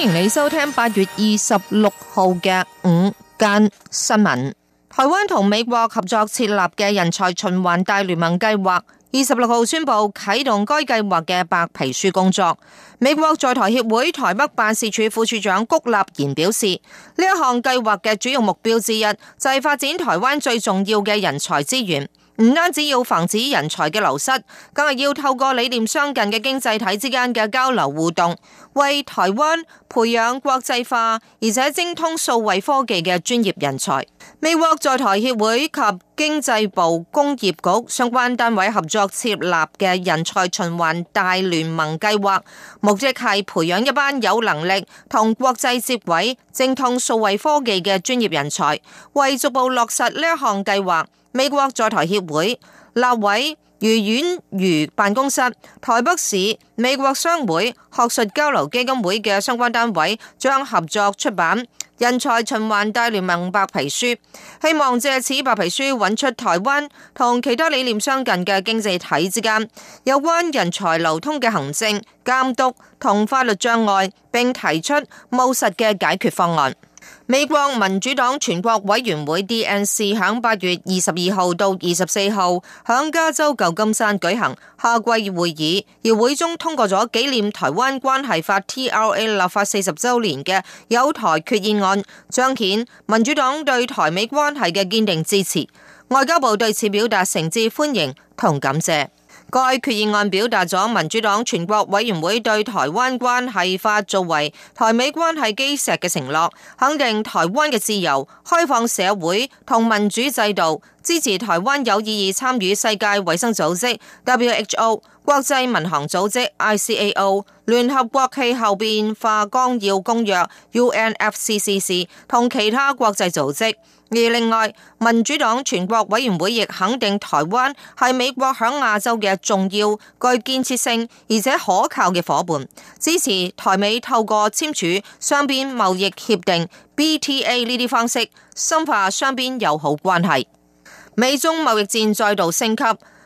歡迎你收聽八月二十六號嘅午間新聞。台灣同美國合作設立嘅人才循環大聯盟計劃，二十六號宣布啟動該計劃嘅白皮書工作。美國在台協會台北辦事處副處長谷立言表示，呢一項計劃嘅主要目標之一就係發展台灣最重要嘅人才資源。唔單止要防止人才嘅流失，更係要透過理念相近嘅經濟體之間嘅交流互動，為台灣培養國際化而且精通數位科技嘅專業人才。美國在台協會及經濟部工業局相關單位合作設立嘅人才循環大聯盟計劃，目的係培養一班有能力同國際接軌、精通數位科技嘅專業人才。為逐步落實呢一項計劃，美國在台協會、立委、余宛如辦公室、台北市美國商會、學術交流基金會嘅相關單位將合作出版《人才循環大聯盟白皮書》，希望借此白皮書揾出台灣同其他理念相近嘅經濟體之間有關人才流通嘅行政監督同法律障礙，並提出務實嘅解決方案。美國民主黨全國委員會 D.N.C 響八月二十二號到二十四號響加州舊金山舉行夏季會議，而會中通過咗紀念台灣關係法 T.R.A. 立法四十周年嘅友台決議案，彰顯民主黨對台美關係嘅堅定支持。外交部對此表達誠摯歡迎同感謝。該決議案表達咗民主黨全國委員會對台灣關係法作為台美關係基石嘅承諾，肯定台灣嘅自由、開放社會同民主制度，支持台灣有意義參與世界衛生組織 （WHO）、國際民航組織 （ICAO）、聯合國氣候變化綱要公約 （UNFCCC） 同其他國際組織。而另外，民主黨全國委員會亦肯定台灣係美國響亞洲嘅重要、具建設性而且可靠嘅夥伴，支持台美透過簽署雙邊貿易協定 （BTA） 呢啲方式，深化雙邊友好關係。美中貿易戰再度升級。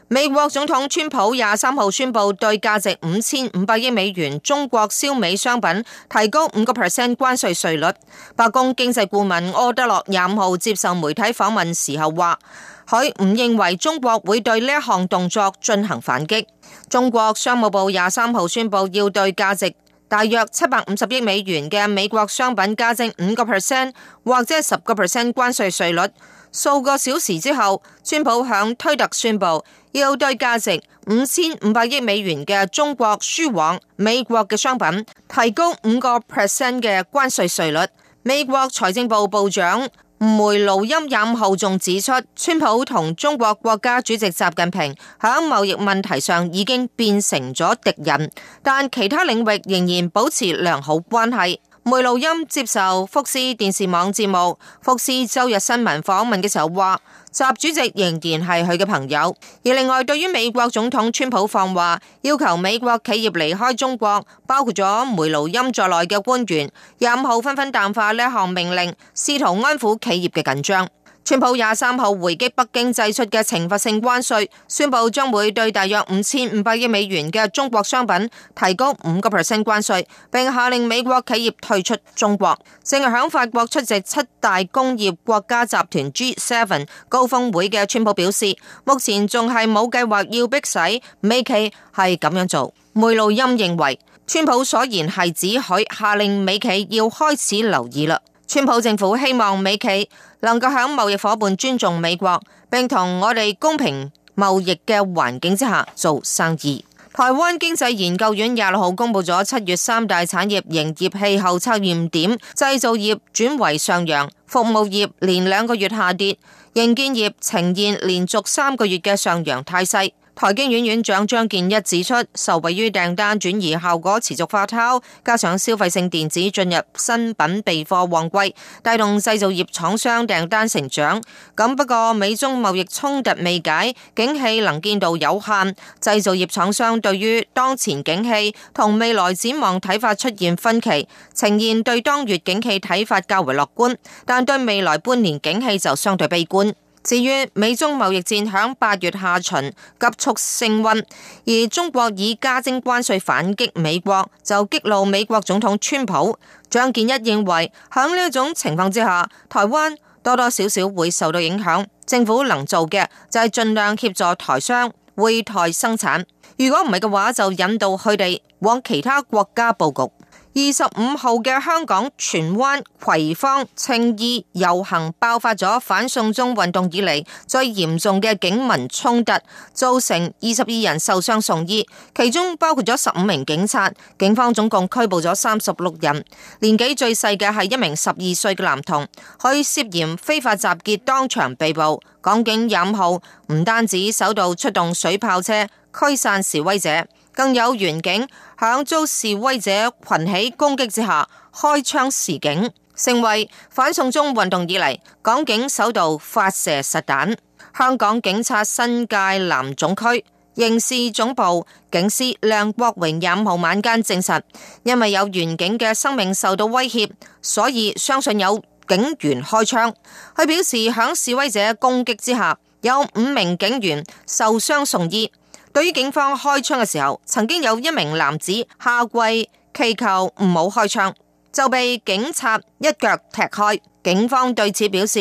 美國總統川普廿三號宣布對價值五千五百億美元中國輸美商品，提高五個 percent 關稅稅率。白宮經濟顧問柯德洛廿五號接受媒體訪問時候話，佢唔認為中國會對呢一項動作進行反擊。中國商務部廿三號宣布要對價值大約七百五十億美元嘅美國商品加徵五個 percent 或者十個 percent 關稅稅率。數個小時之後，川普向推特宣布，要對價值五千五百億美元嘅中國輸往美國嘅商品，提高五個 percent 嘅關稅稅率。美國財政部部長梅努欽25號，仲指出，川普同中國國家主席習近平響貿易問題上已經變成咗敵人，但其他領域仍然保持良好關係。梅努欽接受福斯電視網節目《福斯周日新聞》訪問嘅時候話，習主席仍然係佢嘅朋友。而另外，對於美國總統川普放話要求美國企業離開中國，包括咗梅努欽在內嘅官員廿五號紛紛淡化呢一項命令，試圖安撫企業嘅緊張。川普廿三號回擊北京祭出嘅懲罰性關稅，宣布將會對大約五千五百億美元嘅中國商品提高五個 percent 關稅，並下令美國企業退出中國。正喺法國出席七大工業國家集團 G7 高峰會嘅川普表示，目前仲係冇計劃要逼使美企係咁樣做。梅努欽認為，川普所言係指佢下令美企要開始留意啦。川普政府希望美企能夠響貿易夥伴尊重美國，並同我哋公平貿易嘅環境之下做生意。台灣經濟研究院廿六號公布咗七月三大產業營業氣候測驗點，製造業轉為上揚，服務業連兩個月下跌，營建業呈現連續三個月嘅上揚態勢。台經院院長張建一指出，受惠於訂單轉移效果持續發酵，加上消費性電子進入新品備貨旺季，帶動製造業廠商訂單成長。咁不過，美中貿易衝突未解，景氣能見度有限。製造業廠商對於當前景氣同未來展望睇法出現分歧，呈現對當月景氣睇法較為樂觀，但對未來半年景氣就相對悲觀。至於美中貿易戰響八月下旬急速升温，而中國以加徵關稅反擊美國，就激怒美國總統川普。張建一認為響呢一種情況之下，台灣多多少少會受到影響。政府能做嘅就係、是、盡量協助台商回台生產，如果唔係嘅話，就引導佢哋往其他國家布局。二十五號嘅香港荃灣葵芳青衣遊行爆發咗反送中運動以嚟最嚴重嘅警民衝突，造成二十二人受傷送醫，其中包括咗十五名警察。警方總共拘捕咗三十六人，年紀最細嘅係一名十二歲嘅男童，佢涉嫌非法集結，當場被捕。港警廿五號唔單止首度出動水炮車驅散示威者，更有員警向遭示威者群起攻擊之下開槍示警，成為反送中運動以嚟港警首度發射實彈，香港警察新界南總區刑事總部警司梁國榮廿五號晚間證實，因為有員警嘅生命受到威脅，所以相信有警員開槍，佢表示響示威者攻擊之下，有五名警員受傷送醫。對於警方開槍嘅時候，曾經有一名男子下跪祈求唔好開槍，就被警察一腳踢開。警方對此表示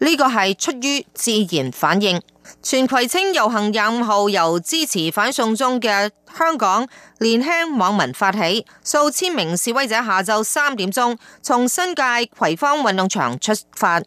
呢個係出於自然反應。荃葵青遊行廿五號由支持反送中嘅香港年輕網民發起，數千名示威者下晝三點鐘從新界葵芳運動場出發。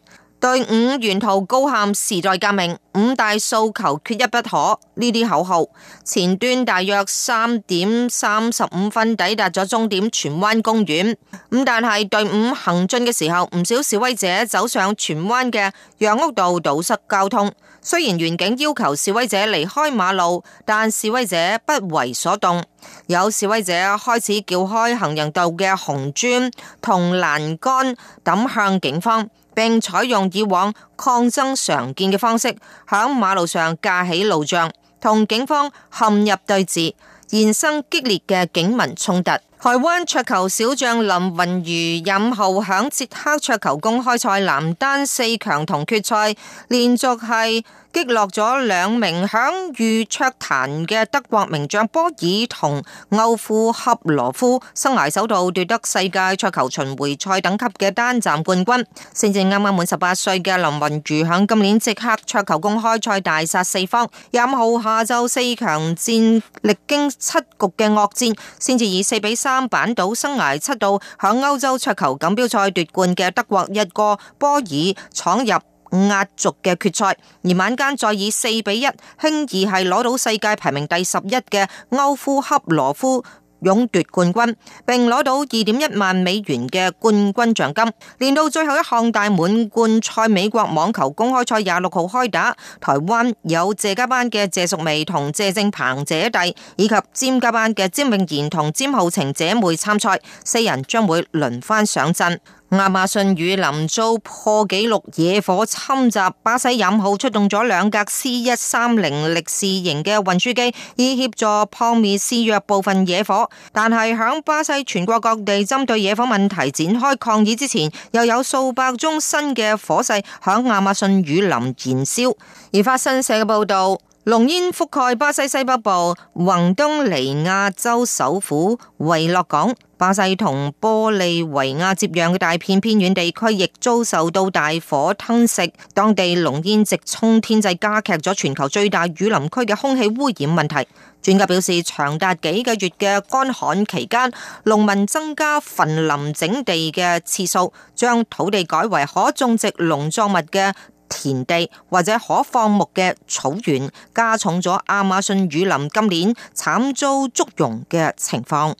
隊伍沿途高喊時代革命、五大訴求、缺一不可呢啲口號。前端大約三點三十五分抵達咗終點荃灣公園，咁但係隊伍行進嘅時候，唔少示威者走上荃灣嘅楊屋道堵塞交通。雖然員警要求示威者離開馬路，但示威者不為所動，有示威者開始撬開行人道嘅紅磚同欄杆，抌向警方。並採用以往抗爭常見嘅方式，響馬路上架起路障，同警方陷入對峙，衍生激烈嘅警民衝突。台灣桌球小將林昀儒飲後響捷克桌球公開賽男單四強同決賽，連續系。擊落咗兩名享譽桌壇嘅德國名將波爾同奧庫克羅夫，生涯首度奪得世界桌球巡回賽等級嘅單站冠軍。先至啱啱滿十八歲嘅林昀儒，響今年捷克桌球公開賽大殺四方，廿五號下晝四強戰，歷經七局嘅惡戰，先至以四比三扳倒生涯七度響歐洲桌球錦標賽奪冠嘅德國一哥波爾，闖入。壓軸嘅決賽，而晚間再以四比一輕易係攞到世界排名第十一嘅歐夫克羅夫勇奪冠軍，並攞到二點一萬美元嘅冠軍獎金。連到最後一項大滿貫賽，美國網球公開賽廿六號開打，台灣有謝家班嘅謝淑薇同謝政鵬姐弟，以及詹家班嘅詹詠然同詹皓晴姐妹參賽，四人將會輪番上陣。亞馬遜雨林遭破紀錄野火侵襲，巴西引號出動咗兩架 C 一三零力士型嘅運輸機，以協助撲滅肆虐部分野火。但係響巴西全國各地針對野火問題展開抗議之前，又有數百宗新嘅火勢響亞馬遜雨林燃燒。而法新社嘅報道，濃煙覆蓋巴西西北部，宏東尼亞州首府維洛港。巴西同玻利維亞接壤嘅大片偏遠地區亦遭受到大火吞噬，當地濃煙直衝天際，加劇咗全球最大雨林區嘅空氣污染問題。專家表示，長達幾個月嘅乾旱期間，農民增加焚林整地嘅次數，將土地改為可種植農作物嘅田地或者可放牧嘅草原，加重咗亞馬遜雨林今年慘遭祝融嘅情況。